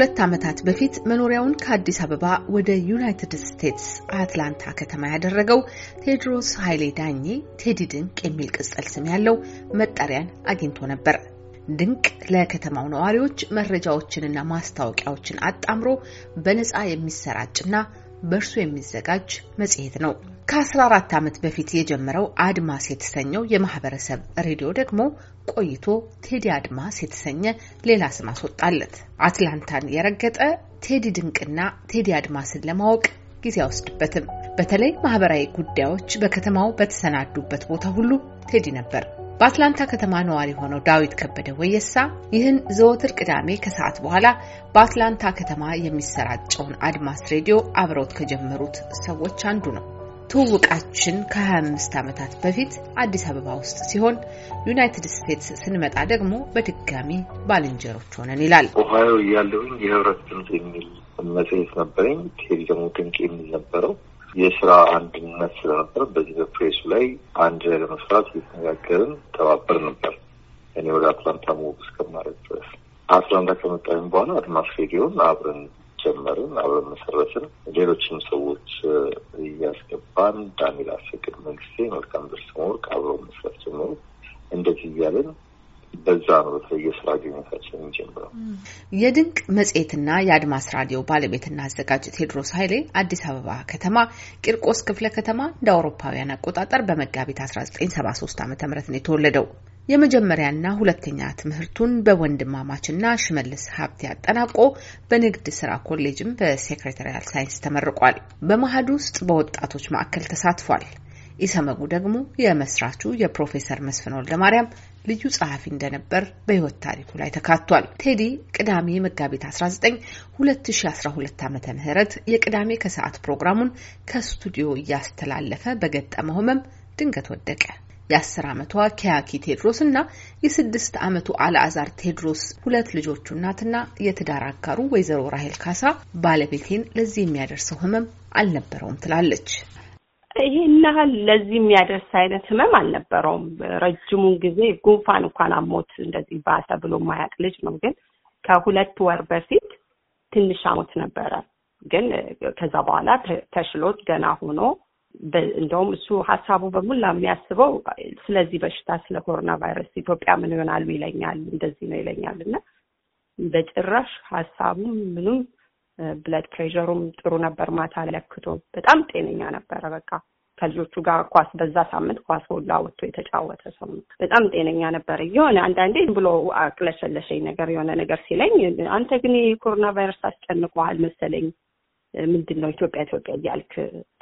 ከሁለት ዓመታት በፊት መኖሪያውን ከአዲስ አበባ ወደ ዩናይትድ ስቴትስ አትላንታ ከተማ ያደረገው ቴዎድሮስ ኃይሌ ዳኜ ቴዲ ድንቅ የሚል ቅጽል ስም ያለው መጠሪያን አግኝቶ ነበር። ድንቅ ለከተማው ነዋሪዎች መረጃዎችንና ማስታወቂያዎችን አጣምሮ በነፃ የሚሰራጭና በእርሱ የሚዘጋጅ መጽሔት ነው። ከ14 ዓመት በፊት የጀመረው አድማስ የተሰኘው የማህበረሰብ ሬዲዮ ደግሞ ቆይቶ ቴዲ አድማስ የተሰኘ ሌላ ስም አስወጣለት። አትላንታን የረገጠ ቴዲ ድንቅና ቴዲ አድማስን ለማወቅ ጊዜ አይወስድበትም። በተለይ ማህበራዊ ጉዳዮች በከተማው በተሰናዱበት ቦታ ሁሉ ቴዲ ነበር። በአትላንታ ከተማ ነዋሪ የሆነው ዳዊት ከበደ ወየሳ ይህን ዘወትር ቅዳሜ ከሰዓት በኋላ በአትላንታ ከተማ የሚሰራጨውን አድማስ ሬዲዮ አብረውት ከጀመሩት ሰዎች አንዱ ነው። ትውውቃችን ከ25 ዓመታት በፊት አዲስ አበባ ውስጥ ሲሆን ዩናይትድ ስቴትስ ስንመጣ ደግሞ በድጋሚ ባልንጀሮች ሆነን ይላል። ኦሃዮ እያለሁኝ የህብረት ድምፅ የሚል መጽሔት ነበረኝ። ቴሌ ደግሞ ድንቅ የሚል ነበረው። የስራ አንድነት ስለነበረ በዚህ በፕሬሱ ላይ አንድ ላይ ለመስራት እየተነጋገርን ተባበር ነበር። እኔ ወደ አትላንታ ሞብ እስከማለት ድረስ አትላንታ ከመጣሁኝ በኋላ አድማስ ሬዲዮን አብረን ጀመርን፣ አብረን መሰረትን፣ ሌሎችም ሰዎች እያስገባን ዳንኤል አስፈቅድ መንግስቴ መልካም ደርሰን ወርቅ አብረው መስራት ጀመሩ። እንደዚህ እያለን በዛ ነው በተለየ ስራ ግኝታችን ጀምረው። የድንቅ መጽሔትና የአድማስ ራዲዮ ባለቤትና አዘጋጅ ቴድሮስ ኃይሌ አዲስ አበባ ከተማ ቂርቆስ ክፍለ ከተማ እንደ አውሮፓውያን አቆጣጠር በመጋቢት 1973 ዓ ም ነው የተወለደው። የመጀመሪያና ሁለተኛ ትምህርቱን በወንድማማችና ሽመልስ ሀብቴ አጠናቆ በንግድ ስራ ኮሌጅም በሴክሬታሪያል ሳይንስ ተመርቋል። በመሀድ ውስጥ በወጣቶች ማዕከል ተሳትፏል። ኢሰመጉ ደግሞ የመስራቹ የፕሮፌሰር መስፍን ወልደማርያም ልዩ ጸሐፊ እንደነበር በህይወት ታሪኩ ላይ ተካቷል። ቴዲ ቅዳሜ መጋቢት 19 2012 ዓ ም የቅዳሜ ከሰዓት ፕሮግራሙን ከስቱዲዮ እያስተላለፈ በገጠመው ህመም ድንገት ወደቀ። የአስር ዓመቷ ኪያኪ ቴድሮስ እና የስድስት ዓመቱ አልአዛር ቴድሮስ ሁለት ልጆቹ እናትና የትዳር አጋሩ ወይዘሮ ራሄል ካሳ ባለቤቴን ለዚህ የሚያደርሰው ህመም አልነበረውም ትላለች። ይሄን ለዚህ የሚያደርስ አይነት ህመም አልነበረውም። ረጅሙን ጊዜ ጉንፋን እንኳን አሞት እንደዚህ ባሰ ብሎ ማያቅ ልጅ ነው። ግን ከሁለት ወር በፊት ትንሽ አሞት ነበረ። ግን ከዛ በኋላ ተሽሎት ገና ሆኖ እንደውም እሱ ሀሳቡ በሙላ የሚያስበው ስለዚህ በሽታ ስለ ኮሮና ቫይረስ ኢትዮጵያ ምን ይሆናሉ ይለኛል፣ እንደዚህ ነው ይለኛል እና በጭራሽ ሀሳቡም ምንም ብለድ ፕሬሸሩም ጥሩ ነበር። ማታ ለክቶ በጣም ጤነኛ ነበረ። በቃ ከልጆቹ ጋር ኳስ በዛ ሳምንት ኳስ ሁላ ወጥቶ የተጫወተ ሰው ነው። በጣም ጤነኛ ነበረ። የሆነ አንዳንዴ ብሎ አቅለሸለሸኝ ነገር የሆነ ነገር ሲለኝ፣ አንተ ግን የኮሮና ቫይረስ አስጨንቀዋል መሰለኝ ምንድን ነው ኢትዮጵያ ኢትዮጵያ እያልክ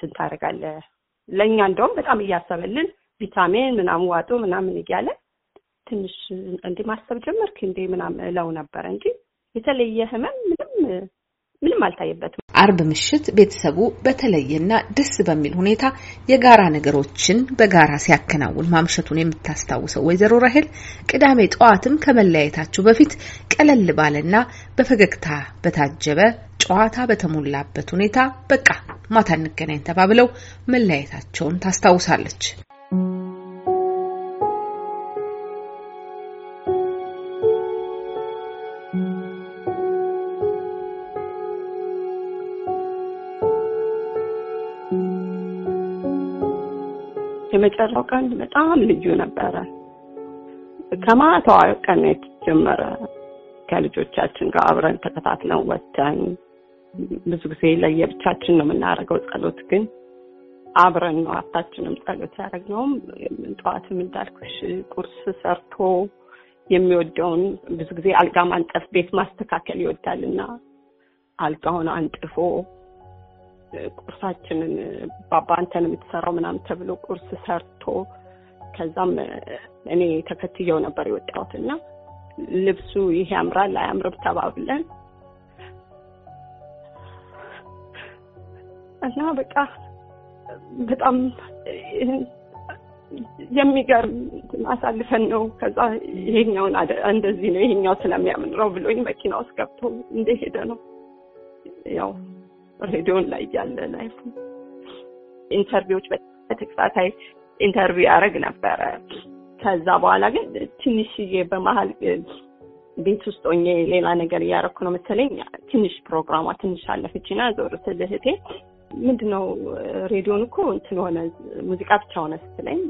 ትንታረጋለ ለእኛ እንደውም በጣም እያሰበልን ቪታሚን ምናምን ዋጡ ምናምን እያለ ትንሽ እንዲ ማሰብ ጀመርክ እንዴ ምናምን እለው ነበር እንጂ የተለየ ህመም ምንም ምንም አልታየበትም። አርብ ምሽት ቤተሰቡ በተለየና ደስ በሚል ሁኔታ የጋራ ነገሮችን በጋራ ሲያከናውን ማምሸቱን የምታስታውሰው ወይዘሮ ራሄል ቅዳሜ ጠዋትም ከመለያየታችሁ በፊት ቀለል ባለና በፈገግታ በታጀበ ጨዋታ በተሞላበት ሁኔታ በቃ ማታ እንገናኝ ተባብለው መለያየታቸውን ታስታውሳለች። የመጨረሻው ቀን በጣም ልዩ ነበረ። ከማታው ቀን የተጀመረ ከልጆቻችን ጋር አብረን ተከታትለን ወተን ብዙ ጊዜ ለየብቻችን ነው የምናደርገው ጸሎት ግን አብረን ነው አታችንም ጸሎት ያደረግነውም። ጠዋትም እንዳልኩሽ ቁርስ ሰርቶ የሚወደውን ብዙ ጊዜ አልጋ ማንጠፍ ቤት ማስተካከል ይወዳልና አልጋውን አንጥፎ ቁርሳችንን ነው የምትሰራው ምናምን ተብሎ ቁርስ ሰርቶ ከዛም እኔ ተከትየው ነበር የወጣሁት እና ልብሱ ይሄ ያምራል አያምርም ተባብለን እና በቃ በጣም የሚገርም አሳልፈን ነው። ከዛ ይሄኛውን እንደዚህ ነው ይሄኛው ስለሚያምንረው ብሎኝ መኪና ውስጥ ገብቶ እንደሄደ ነው ያው ሬዲዮን ላይ ያለ ላይፍ ኢንተርቪዎች በተከታታይ ኢንተርቪው ያደረግ ነበረ። ከዛ በኋላ ግን ትንሽዬ በመሀል ቤት ውስጥ ሆኜ ሌላ ነገር እያደረኩ ነው መሰለኝ ትንሽ ፕሮግራሟ ትንሽ አለፈችና ዞር ስል እህቴ ምንድነው ሬዲዮን እኮ እንትን ሆነ ሙዚቃ ብቻ ሆነ ስትለኝ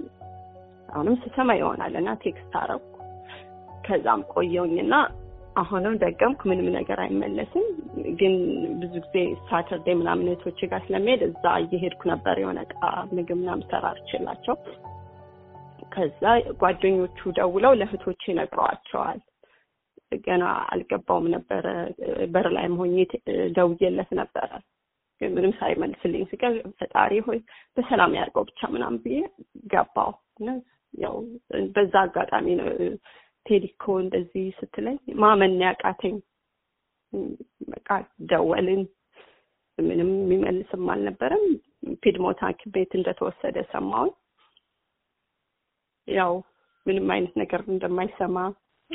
አሁንም ስሰማ ይሆናል እና ቴክስት አረኩ። ከዛም ቆየውኝና አሁንም ደገምኩ፣ ምንም ነገር አይመለስም። ግን ብዙ ጊዜ ሳተርዴ ምናምን እህቶች ጋር ስለሚሄድ እዛ እየሄድኩ ነበር የሆነ እቃ ምግብ ምናምን ሰራ ችላቸው። ከዛ ጓደኞቹ ደውለው ለእህቶች ነግረዋቸዋል። ገና አልገባውም ነበረ። በር ላይ መሆኝ ደውዬለት ነበረ ግን ምንም ሳይመልስልኝ ስቀ ፈጣሪ ሆይ በሰላም ያርገው ብቻ ምናምን ብዬ ገባው ያው በዛ አጋጣሚ ነው ቴሊኮ እንደዚህ ስትለኝ ማመን ያቃተኝ። በቃ ደወልን፣ ምንም የሚመልስም አልነበረም። ፒድሞት ቤት እንደተወሰደ ሰማሁኝ። ያው ምንም አይነት ነገር እንደማይሰማ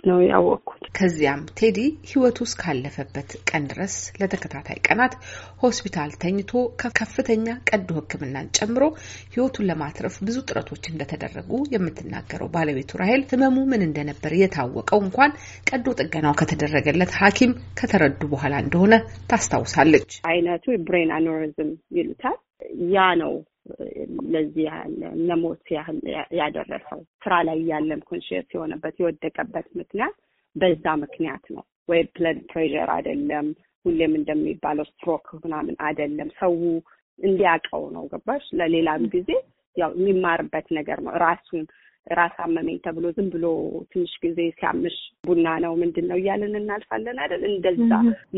ነው ያወቅኩት። ከዚያም ቴዲ ህይወቱ እስካለፈበት ቀን ድረስ ለተከታታይ ቀናት ሆስፒታል ተኝቶ ከፍተኛ ቀዶ ሕክምናን ጨምሮ ህይወቱን ለማትረፍ ብዙ ጥረቶች እንደተደረጉ የምትናገረው ባለቤቱ ራሄል ህመሙ ምን እንደነበር የታወቀው እንኳን ቀዶ ጥገናው ከተደረገለት ሐኪም ከተረዱ በኋላ እንደሆነ ታስታውሳለች። አይነቱ ብሬን አኖሪዝም ይሉታል። ያ ነው ለዚህ ያህል ለሞት ያህል ያደረሰው ስራ ላይ ያለም ኮንሽስ የሆነበት የወደቀበት ምክንያት በዛ ምክንያት ነው ወይ ብለድ ፕሬር አይደለም፣ ሁሌም እንደሚባለው ስትሮክ ምናምን አይደለም። ሰው እንዲያቀው ነው ገባሽ። ለሌላም ጊዜ ያው የሚማርበት ነገር ነው ራሱን ራስ አመመኝ ተብሎ ዝም ብሎ ትንሽ ጊዜ ሲያምሽ ቡና ነው ምንድን ነው እያለን እናልፋለን አይደል? እንደዛ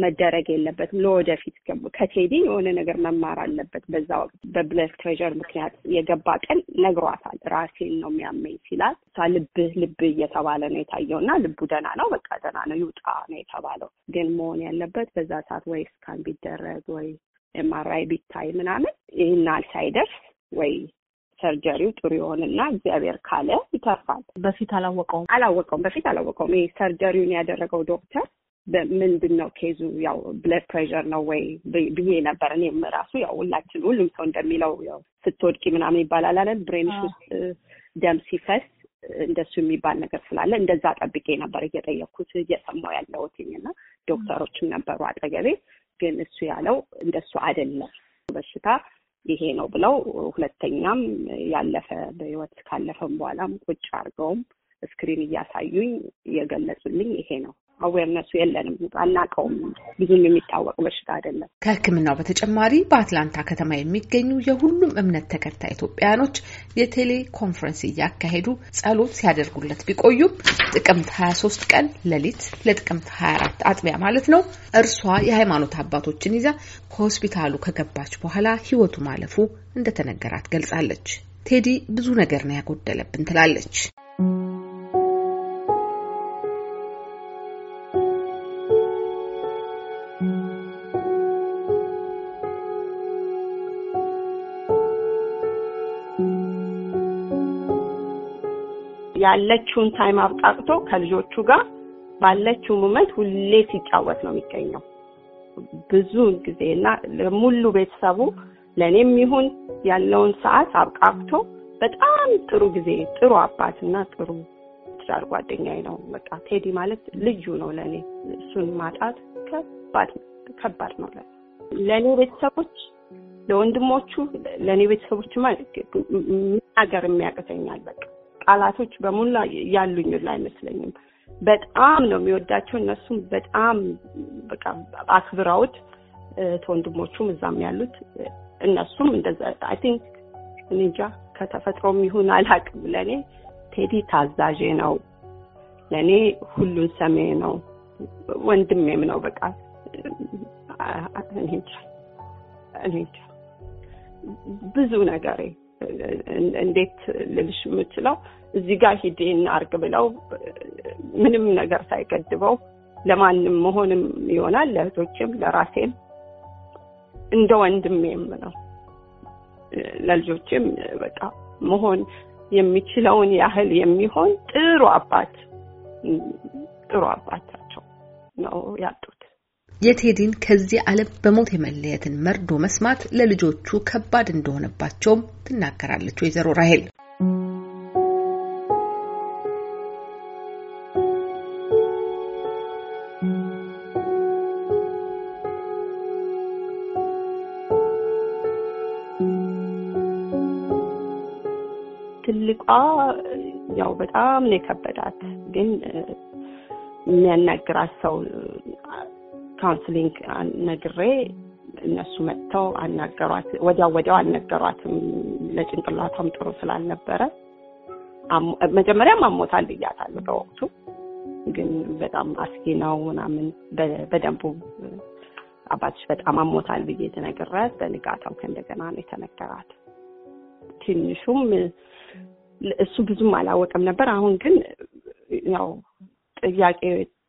መደረግ የለበትም። ለወደፊት ከቴዲ የሆነ ነገር መማር አለበት። በዛ ወቅት በብለድ ፕሬዠር ምክንያት የገባ ቀን ነግሯታል። ራሴን ነው የሚያመኝ ሲላት እሷ ልብህ ልብህ እየተባለ ነው የታየው እና ልቡ ደህና ነው፣ በቃ ደህና ነው ይውጣ ነው የተባለው። ግን መሆን ያለበት በዛ ሰዓት ወይ ስካን ቢደረግ ወይ ኤምአርአይ ቢታይ ምናምን ይህን ሳይደርስ ወይ ሰርጀሪው ጥሩ ይሆንና እግዚአብሔር ካለ ይተርፋል። በፊት አላወቀውም አላወቀውም በፊት አላወቀውም። ይህ ሰርጀሪውን ያደረገው ዶክተር በምንድን ነው ኬዙ ያው ብለድ ፕሬር ነው ወይ ብዬ ነበር። እኔም ራሱ ያው ሁላችን ሁሉም ሰው እንደሚለው ያው ስትወድቂ ምናምን ይባላል አለን ብሬንሽ ውስጥ ደም ሲፈስ እንደሱ የሚባል ነገር ስላለ እንደዛ ጠብቄ ነበር እየጠየኩት እየሰማው እየሰማሁ እና ዶክተሮችም ነበሩ አጠገቤ። ግን እሱ ያለው እንደሱ አይደለም በሽታ ይሄ ነው ብለው ሁለተኛም ያለፈ በህይወት ካለፈም በኋላም ቁጭ አድርገውም ስክሪን እያሳዩኝ የገለጹልኝ ይሄ ነው አዌርነሱ የለንም፣ አናውቀውም። ብዙም የሚታወቅ በሽታ አይደለም። ከሕክምናው በተጨማሪ በአትላንታ ከተማ የሚገኙ የሁሉም እምነት ተከታይ ኢትዮጵያውያኖች የቴሌ ኮንፈረንስ እያካሄዱ ጸሎት ሲያደርጉለት ቢቆዩም ጥቅምት 23 ቀን ሌሊት ለጥቅምት 24 አጥቢያ ማለት ነው እርሷ የሃይማኖት አባቶችን ይዛ ከሆስፒታሉ ከገባች በኋላ ህይወቱ ማለፉ እንደተነገራት ገልጻለች። ቴዲ ብዙ ነገር ነው ያጎደለብን ትላለች። ያለችውን ታይም አብቃቅቶ ከልጆቹ ጋር ባለችው ሙመንት ሁሌ ሲጫወት ነው የሚገኘው ብዙ ጊዜ እና ለሙሉ ቤተሰቡ ለእኔም ይሁን ያለውን ሰዓት አብቃቅቶ በጣም ጥሩ ጊዜ ጥሩ አባትና ጥሩ ትዳር ጓደኛዬ ነው። በቃ ቴዲ ማለት ልዩ ነው ለእኔ። እሱን ማጣት ከባድ ነው ለእኔ ቤተሰቦች፣ ለወንድሞቹ ለእኔ ቤተሰቦች ማለት ሀገር የሚያቅተኛል በቃ ቃላቶች በሙላ ያሉኝ ሁላ አይመስለኝም። በጣም ነው የሚወዳቸው። እነሱም በጣም በቃ አክብረውት ተወንድሞቹም እዛም ያሉት እነሱም እንደዛ አይ ቲንክ እኔ እንጃ ከተፈጥሮም ይሁን አላቅም ለእኔ ቴዲ ታዛዤ ነው። ለእኔ ሁሉን ሰሜ ነው። ወንድሜም ነው። በቃ እኔ እንጃ እኔ እንጃ ብዙ ነገሬ እንዴት ልልሽ የምችለው እዚህ ጋር ሂድ አርግ ብለው ምንም ነገር ሳይገድበው ለማንም መሆንም ይሆናል ለእህቶችም ለራሴም እንደ ወንድሜም ነው ለልጆችም በቃ መሆን የሚችለውን ያህል የሚሆን ጥሩ አባት ጥሩ አባታቸው ነው ያጡት። የቴዲን ከዚህ ዓለም በሞት የመለየትን መርዶ መስማት ለልጆቹ ከባድ እንደሆነባቸውም ትናገራለች ወይዘሮ ራሄል። ትልቋ ያው በጣም ነው የከበዳት ግን የሚያናግራት ሰው ካውንስሊንግ ነግሬ እነሱ መጥተው አናገሯት። ወዲያው ወዲያው አልነገሯትም። ለጭንቅላቷም ጥሩ ስላልነበረ መጀመሪያም አሞታል ብያታለሁ። በወቅቱ ግን በጣም አስጊ ነው ምናምን በደንቡ አባትሽ በጣም አሞታል ብዬ የተነገራት በንጋታው ከእንደገና ነው የተነገራት። ትንሹም እሱ ብዙም አላወቅም ነበር። አሁን ግን ያው ጥያቄ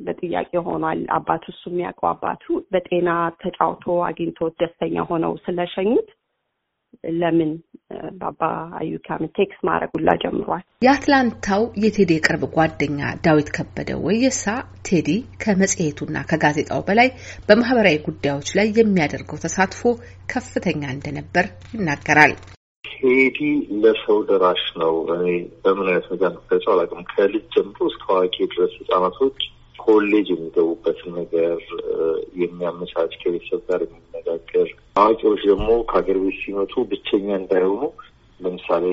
በጥያቄ ሆኗል። አባቱ እሱ የሚያውቀው አባቱ በጤና ተጫውቶ አግኝቶ ደስተኛ ሆነው ስለሸኙት ለምን ባባ አዩካም ቴክስ ማድረግ ሁላ ጀምሯል። የአትላንታው የቴዲ የቅርብ ጓደኛ ዳዊት ከበደ ወየሳ ቴዲ ከመጽሔቱና ከጋዜጣው በላይ በማህበራዊ ጉዳዮች ላይ የሚያደርገው ተሳትፎ ከፍተኛ እንደነበር ይናገራል። ቴዲ ለሰው ደራሽ ነው። እኔ በምን አይነት ነገር ነው አላውቅም። ከልጅ ጀምሮ እስከ አዋቂ ድረስ ህጻናቶች ኮሌጅ የሚገቡበትን ነገር የሚያመቻች ከቤተሰብ ጋር የሚነጋገር አዋቂዎች ደግሞ ከሀገር ቤት ሲመጡ ብቸኛ እንዳይሆኑ ለምሳሌ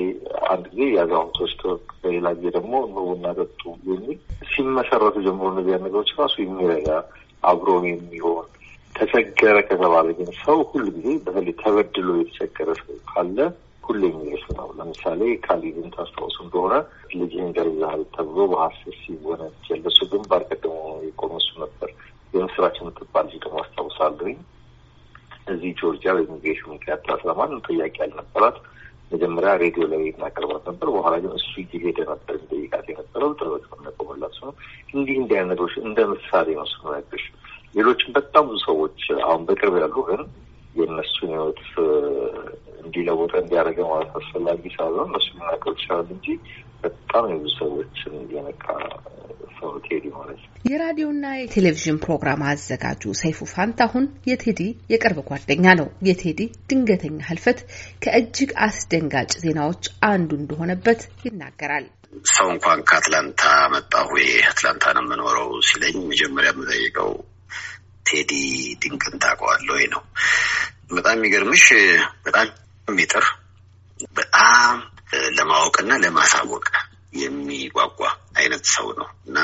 አንድ ጊዜ የአዛውንቶች ክበብ በሌላ ጊዜ ደግሞ ኑቡና ጠጡ የሚል ሲመሰረቱ ጀምሮ እነዚያ ነገሮች ራሱ የሚረጋ አብሮ የሚሆን ተቸገረ ከተባለ ግን ሰው ሁሉ ጊዜ በተለይ ተበድሎ የተቸገረ ሰው ካለ ሁሌም የሚልሽ ነው። ለምሳሌ ካሊብን ታስታውሱ እንደሆነ ልጅ ይገልሃል ተብሎ በሀሰት ሲወነጀል በሱ ግንባር ቀደሞ የቆመ እሱ ነበር። የምስራች የምትባል ልጅ ደግሞ አስታውሳለሁኝ። እዚህ ጆርጂያ በኢሚግሬሽን ምክንያት ስለማንም ጥያቄ ያልነበራት መጀመሪያ ሬዲዮ ላይ እናቀርባት ነበር። በኋላ ግን እሱ እየሄደ ነበር እንደይቃት የነበረው ጥረት ነቆመላት ነው። እንዲህ እንዲህ አይነቶች እንደ ምሳሌ ነው ስነግርሽ። ሌሎችም በጣም ብዙ ሰዎች አሁን በቅርብ ያሉ ግን የእነሱን ህይወት እንዲለወጠ እንዲያደረገ ማለት አስፈላጊ ሳይሆን እነሱ ልናቀብ ይችላል እንጂ በጣም የብዙ ሰዎችን የነካ ሰው ቴዲ ማለት ነው። የራዲዮና የቴሌቪዥን ፕሮግራም አዘጋጁ ሰይፉ ፋንታሁን የቴዲ የቅርብ ጓደኛ ነው። የቴዲ ድንገተኛ ህልፈት ከእጅግ አስደንጋጭ ዜናዎች አንዱ እንደሆነበት ይናገራል። ሰው እንኳን ከአትላንታ መጣሁ አትላንታ ነው የምኖረው ሲለኝ መጀመሪያ የምጠይቀው ቴዲ ድንቅን ታውቀዋለህ ወይ ነው። በጣም የሚገርምሽ በጣም ሜትር በጣም ለማወቅና ለማሳወቅ የሚጓጓ አይነት ሰው ነው እና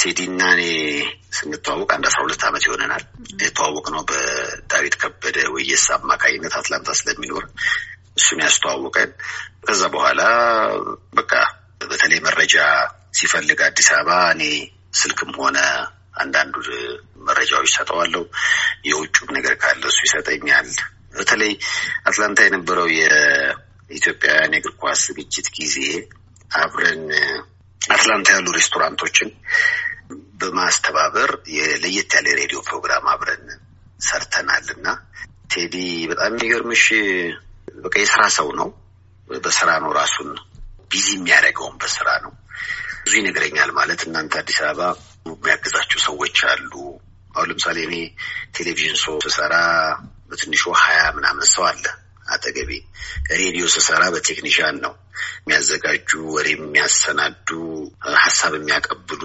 ቴዲና እኔ ስንተዋወቅ አንድ አስራ ሁለት ዓመት ይሆነናል። የተዋወቅ ነው በዳዊት ከበደ ወየስ አማካኝነት አትላንታ ስለሚኖር እሱን ያስተዋወቀን። ከዛ በኋላ በቃ በተለይ መረጃ ሲፈልግ አዲስ አበባ እኔ ስልክም ሆነ አንዳንዱ መረጃዎች ሰጠዋለሁ። የውጭም ነገር ካለ እሱ ይሰጠኛል። በተለይ አትላንታ የነበረው የኢትዮጵያውያን የእግር ኳስ ዝግጅት ጊዜ አብረን አትላንታ ያሉ ሬስቶራንቶችን በማስተባበር የለየት ያለ ሬዲዮ ፕሮግራም አብረን ሰርተናል እና ቴዲ በጣም የሚገርምሽ በቃ የስራ ሰው ነው። በስራ ነው ራሱን ቢዚ የሚያደርገውን በስራ ነው። ብዙ ይነግረኛል ማለት እናንተ አዲስ አበባ የሚያግዛቸው ሰዎች አሉ። አሁን ለምሳሌ እኔ ቴሌቪዥን ሶ ስሰራ በትንሹ ሀያ ምናምን ሰው አለ አጠገቤ። ሬዲዮ ስሰራ በቴክኒሽያን ነው የሚያዘጋጁ፣ ወሬ የሚያሰናዱ፣ ሀሳብ የሚያቀብሉ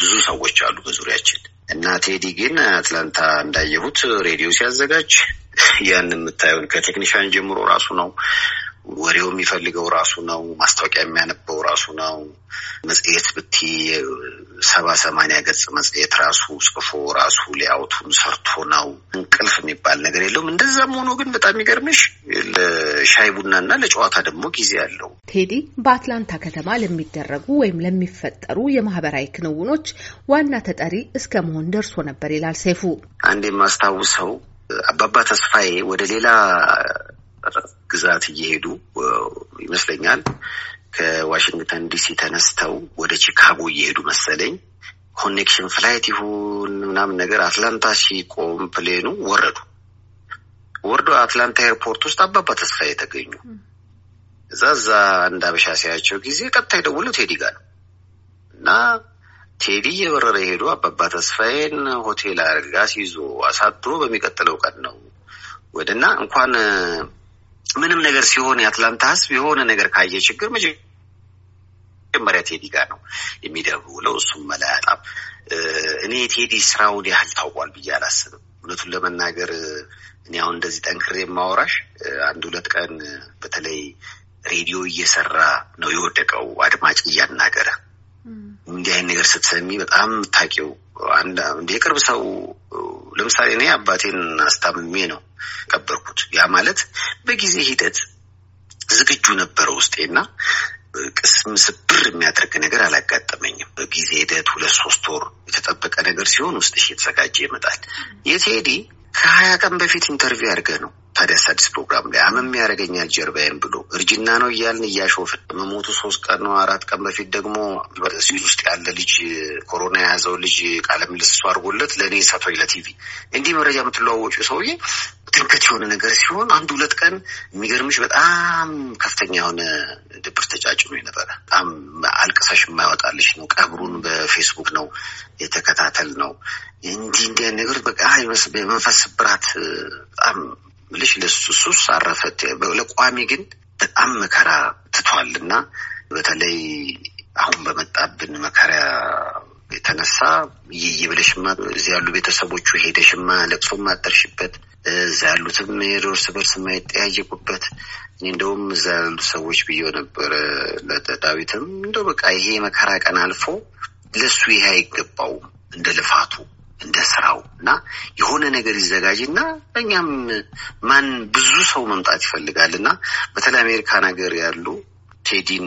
ብዙ ሰዎች አሉ በዙሪያችን እና ቴዲ ግን አትላንታ እንዳየሁት ሬዲዮ ሲያዘጋጅ ያን የምታየውን ከቴክኒሽያን ጀምሮ ራሱ ነው ወሬው የሚፈልገው ራሱ ነው። ማስታወቂያ የሚያነበው ራሱ ነው። መጽሔት ብቲ ሰባ ሰማንያ ገጽ መጽሔት ራሱ ጽፎ ራሱ ሊያውቱን ሰርቶ ነው። እንቅልፍ የሚባል ነገር የለውም። እንደዛም ሆኖ ግን በጣም የሚገርምሽ ለሻይ ቡናና ለጨዋታ ደግሞ ጊዜ አለው። ቴዲ በአትላንታ ከተማ ለሚደረጉ ወይም ለሚፈጠሩ የማህበራዊ ክንውኖች ዋና ተጠሪ እስከ መሆን ደርሶ ነበር ይላል ሰይፉ። አንድ የማስታውሰው አባባ ተስፋዬ ወደ ሌላ ግዛት እየሄዱ ይመስለኛል ከዋሽንግተን ዲሲ ተነስተው ወደ ቺካጎ እየሄዱ መሰለኝ። ኮኔክሽን ፍላይት ይሁን ምናምን ነገር አትላንታ ሲቆም ፕሌኑ ወረዱ። ወርዶ አትላንታ ኤርፖርት ውስጥ አባባ ተስፋ የተገኙ እዛ እዛ አንድ አበሻ ሲያቸው ጊዜ ቀጥታ የደወሉ ቴዲ ጋር ነው እና ቴዲ እየበረረ ሄዶ አባባ ተስፋዬን ሆቴል አድርጋ ሲይዞ አሳድሮ በሚቀጥለው ቀን ነው ወደና እንኳን ምንም ነገር ሲሆን የአትላንታ ህዝብ የሆነ ነገር ካየ ችግር መጀመሪያ ቴዲ ጋር ነው የሚደውለው። እሱም መላ ያጣም። እኔ የቴዲ ስራውን ያህል ታውቋል ብዬ አላስብም። እውነቱን ለመናገር እኔ አሁን እንደዚህ ጠንክሬ የማወራሽ አንድ ሁለት ቀን በተለይ ሬዲዮ እየሰራ ነው የወደቀው አድማጭ እያናገረ እንዲህ አይነት ነገር ስትሰሚ በጣም የምታውቂው አንድ የቅርብ ሰው ለምሳሌ እኔ አባቴን አስታምሜ ነው ቀበርኩት። ያ ማለት በጊዜ ሂደት ዝግጁ ነበረ ውስጤና ቅስም ስብር የሚያደርግ ነገር አላጋጠመኝም። በጊዜ ሂደት ሁለት ሶስት ወር የተጠበቀ ነገር ሲሆን ውስጥ የተዘጋጀ ይመጣል። የቴዲ ከሀያ ቀን በፊት ኢንተርቪው አድርገ ነው ታዲያስ አዲስ ፕሮግራም ላይ አመም ያደረገኛል ጀርባዬን ብሎ እርጅና ነው እያልን እያሾፈ መሞቱ ሶስት ቀን ነው አራት ቀን በፊት ደግሞ በስዊድ ውስጥ ያለ ልጅ ኮሮና የያዘው ልጅ ቃለ ምልልስ እሱ አድርጎለት ለእኔ ሰቶኝ ለቲቪ እንዲህ መረጃ የምትለዋወጩ ሰውዬ ድንገት የሆነ ነገር ሲሆን አንድ ሁለት ቀን የሚገርምሽ በጣም ከፍተኛ የሆነ ድብር ተጫጭኖ ነበረ። በጣም አልቅሰሽ የማያወጣልሽ ነው። ቀብሩን በፌስቡክ ነው የተከታተል ነው። እንዲህ እንዲህ ነገር በቃ የመንፈስ ስብራት በጣም ልሽ ሱስ አረፈት ለቋሚ ግን በጣም መከራ ትቷል እና በተለይ አሁን በመጣብን መከራ የተነሳ ይይ ብለሽማ እዚ ያሉ ቤተሰቦቹ ሄደሽማ ለቅሶ ማጠርሽበት እዛ ያሉትም የዶርስ በርስ የማይጠያየቁበት እኔ እንደውም እዛ ያሉ ሰዎች ብዬው ነበረ ለዳዊትም እንደው በቃ ይሄ መከራ ቀን አልፎ ለሱ ይሄ አይገባውም እንደ ልፋቱ እንደ ስራው እና የሆነ ነገር ይዘጋጅና በእኛም ማን ብዙ ሰው መምጣት ይፈልጋል እና በተለይ አሜሪካን ሀገር ያሉ ቴዲን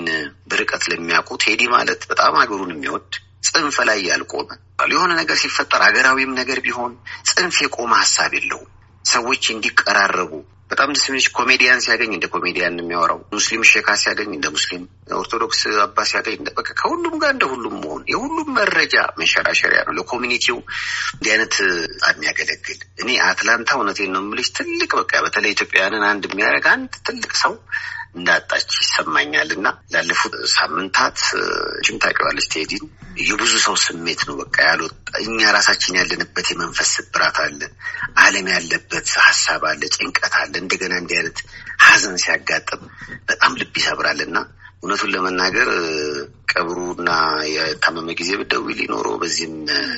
በርቀት ለሚያውቁ ቴዲ ማለት በጣም ሀገሩን የሚወድ ጽንፍ ላይ ያልቆመ የሆነ ነገር ሲፈጠር ሀገራዊም ነገር ቢሆን ጽንፍ የቆመ ሀሳብ የለውም። ሰዎች እንዲቀራረቡ በጣም ደስ የሚለች ኮሜዲያን ሲያገኝ እንደ ኮሜዲያን የሚያወራው ሙስሊም ሼካ ሲያገኝ እንደ ሙስሊም፣ ኦርቶዶክስ አባ ሲያገኝ በቃ ከሁሉም ጋር እንደ ሁሉም መሆን የሁሉም መረጃ መንሸራሸሪያ ነው። ለኮሚኒቲው እንዲህ አይነት የሚያገለግል እኔ አትላንታ እውነቴን ነው የምልሽ ትልቅ በቃ በተለይ ኢትዮጵያውያንን አንድ የሚያደርግ አንድ ትልቅ ሰው እንዳጣች ይሰማኛል። እና ላለፉት ሳምንታት ጅም ታውቂዋለች ቴዲን የብዙ ሰው ስሜት ነው በቃ ያሉት። እኛ ራሳችን ያለንበት የመንፈስ ስብራት አለ፣ ዓለም ያለበት ሀሳብ አለ፣ ጭንቀት አለ እንደገና እንዲህ አይነት ሀዘን ሲያጋጥም በጣም ልብ ይሰብራል እና እውነቱን ለመናገር ቀብሩና የታመመ ጊዜ ብደዊ ኖሮ በዚህም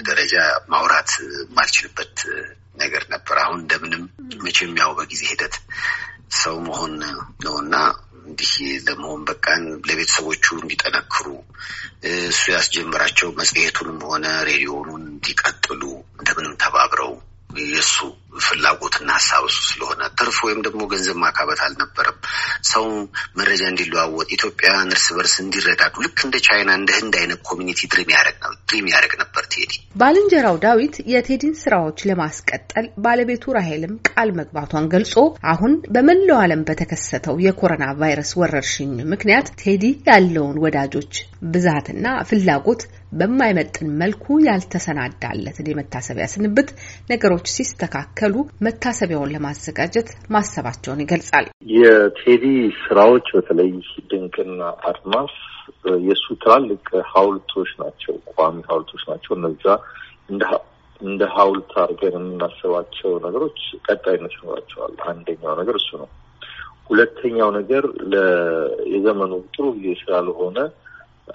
ደረጃ ማውራት የማልችልበት ነገር ነበር። አሁን እንደምንም መቼም ያው በጊዜ ሂደት ሰው መሆን ነውና እንዲህ ለመሆን በቃን። ለቤተሰቦቹ እንዲጠነክሩ እሱ ያስጀምራቸው መጽሔቱንም ሆነ ሬዲዮኑን እንዲቀጥሉ እንደምንም ተባብረው የእሱ ፍላጎትና ሀሳብ እሱ ስለሆነ ትርፍ ወይም ደግሞ ገንዘብ ማካበት አልነበረም። ሰው መረጃ እንዲለዋወጥ፣ ኢትዮጵያውያን እርስ በርስ እንዲረዳዱ ልክ እንደ ቻይና እንደ ህንድ አይነት ኮሚኒቲ ድሪም ያደርግ ነበር ቴዲ። ባልንጀራው ዳዊት የቴዲን ስራዎች ለማስቀጠል ባለቤቱ ራሄልም ቃል መግባቷን ገልጾ አሁን በመላው ዓለም በተከሰተው የኮሮና ቫይረስ ወረርሽኝ ምክንያት ቴዲ ያለውን ወዳጆች ብዛትና ፍላጎት በማይመጥን መልኩ ያልተሰናዳለትን የመታሰቢያ ስንብት ነገሮች ሲስተካከሉ መታሰቢያውን ለማዘጋጀት ማሰባቸውን ይገልጻል። የቴዲ ስራዎች በተለይ ድንቅና አድማስ የእሱ ትላልቅ ሀውልቶች ናቸው፣ ቋሚ ሀውልቶች ናቸው። እነዛ እንደ ሀውልት አድርገን የምናስባቸው ነገሮች ቀጣይነት ይኖራቸዋል። አንደኛው ነገር እሱ ነው። ሁለተኛው ነገር የዘመኑ ጥሩ ጊዜ ስላልሆነ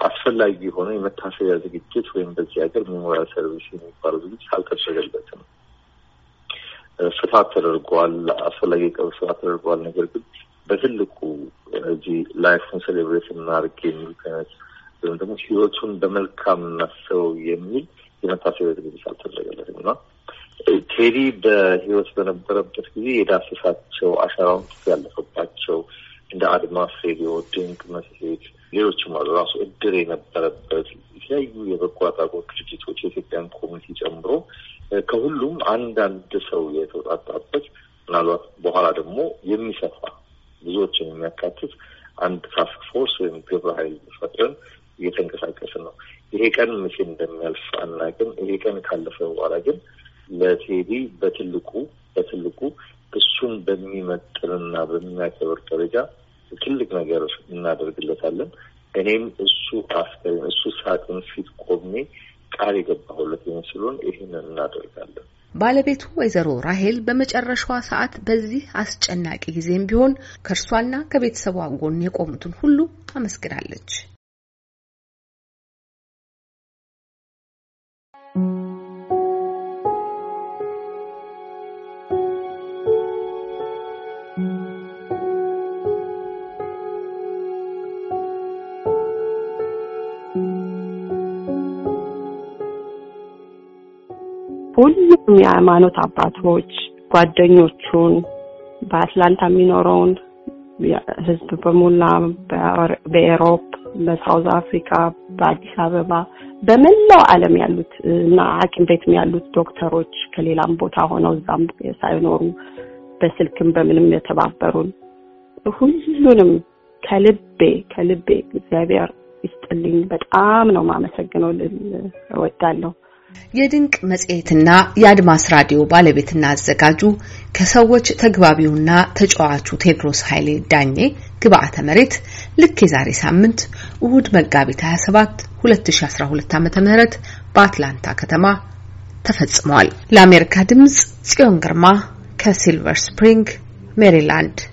አስፈላጊ የሆነ የመታሰቢያ ዝግጅት ወይም በዚህ ሀገር ሜሞሪያል ሰርቪስ የሚባለው ዝግጅት አልተደረገለትም። ስፋት ተደርጓል፣ አስፈላጊ የቀብር ስፋት ተደርጓል። ነገር ግን በትልቁ እዚህ ላይፉን ሴሌብሬት እናድርግ የሚል ከነት ወይም ደግሞ ህይወቱን በመልካም እናስበው የሚል የመታሰቢያ ዝግጅት አልተደረገለትም እና ቴዲ በህይወት በነበረበት ጊዜ የዳሰሳቸው አሻራውን ያለፈባቸው እንደ አድማስ ሬዲዮ፣ ድንቅ መስሄድ ሌሎችም አሉ። ራሱ እድር የነበረበት የተለያዩ የበጎ አድራጎት ድርጅቶች የኢትዮጵያን ኮሚቴ ጨምሮ ከሁሉም አንዳንድ ሰው የተወጣጣበት ምናልባት በኋላ ደግሞ የሚሰፋ ብዙዎችን የሚያካትት አንድ ታስክ ፎርስ ወይም ግብረ ኃይል ፈጥረን እየተንቀሳቀስን ነው። ይሄ ቀን መቼ እንደሚያልፍ አናውቅም። ይሄ ቀን ካለፈ በኋላ ግን ለቴዲ በትልቁ በትልቁ እሱን በሚመጥንና በሚያከብር ደረጃ ትልቅ ነገር እናደርግለታለን። እኔም እሱ አስከሬን እሱ ሳጥን ፊት ቆሜ ቃል የገባሁለት ይመስሉን ይህንን እናደርጋለን። ባለቤቱ ወይዘሮ ራሄል በመጨረሻዋ ሰዓት በዚህ አስጨናቂ ጊዜም ቢሆን ከእርሷና ከቤተሰቧ ጎን የቆሙትን ሁሉ አመስግናለች። ሁሉም የሃይማኖት አባቶች ጓደኞቹን በአትላንታ የሚኖረውን ህዝብ በሙላ በኤሮፕ፣ በሳውዝ አፍሪካ፣ በአዲስ አበባ፣ በመላው አለም ያሉት እና ሐኪም ቤትም ያሉት ዶክተሮች ከሌላም ቦታ ሆነው እዛም ሳይኖሩ በስልክም በምንም የተባበሩን ሁሉንም ከልቤ ከልቤ እግዚአብሔር ይስጥልኝ። በጣም ነው ማመሰግነው ልል እወዳለሁ። የድንቅ መጽሔትና የአድማስ ራዲዮ ባለቤትና አዘጋጁ ከሰዎች ተግባቢውና ተጫዋቹ ቴድሮስ ኃይሌ ዳኜ ግብአተ መሬት ልክ የዛሬ ሳምንት እሁድ መጋቢት 27 2012 ዓ ም በአትላንታ ከተማ ተፈጽሟል። ለአሜሪካ ድምፅ ጽዮን ግርማ ከሲልቨር ስፕሪንግ ሜሪላንድ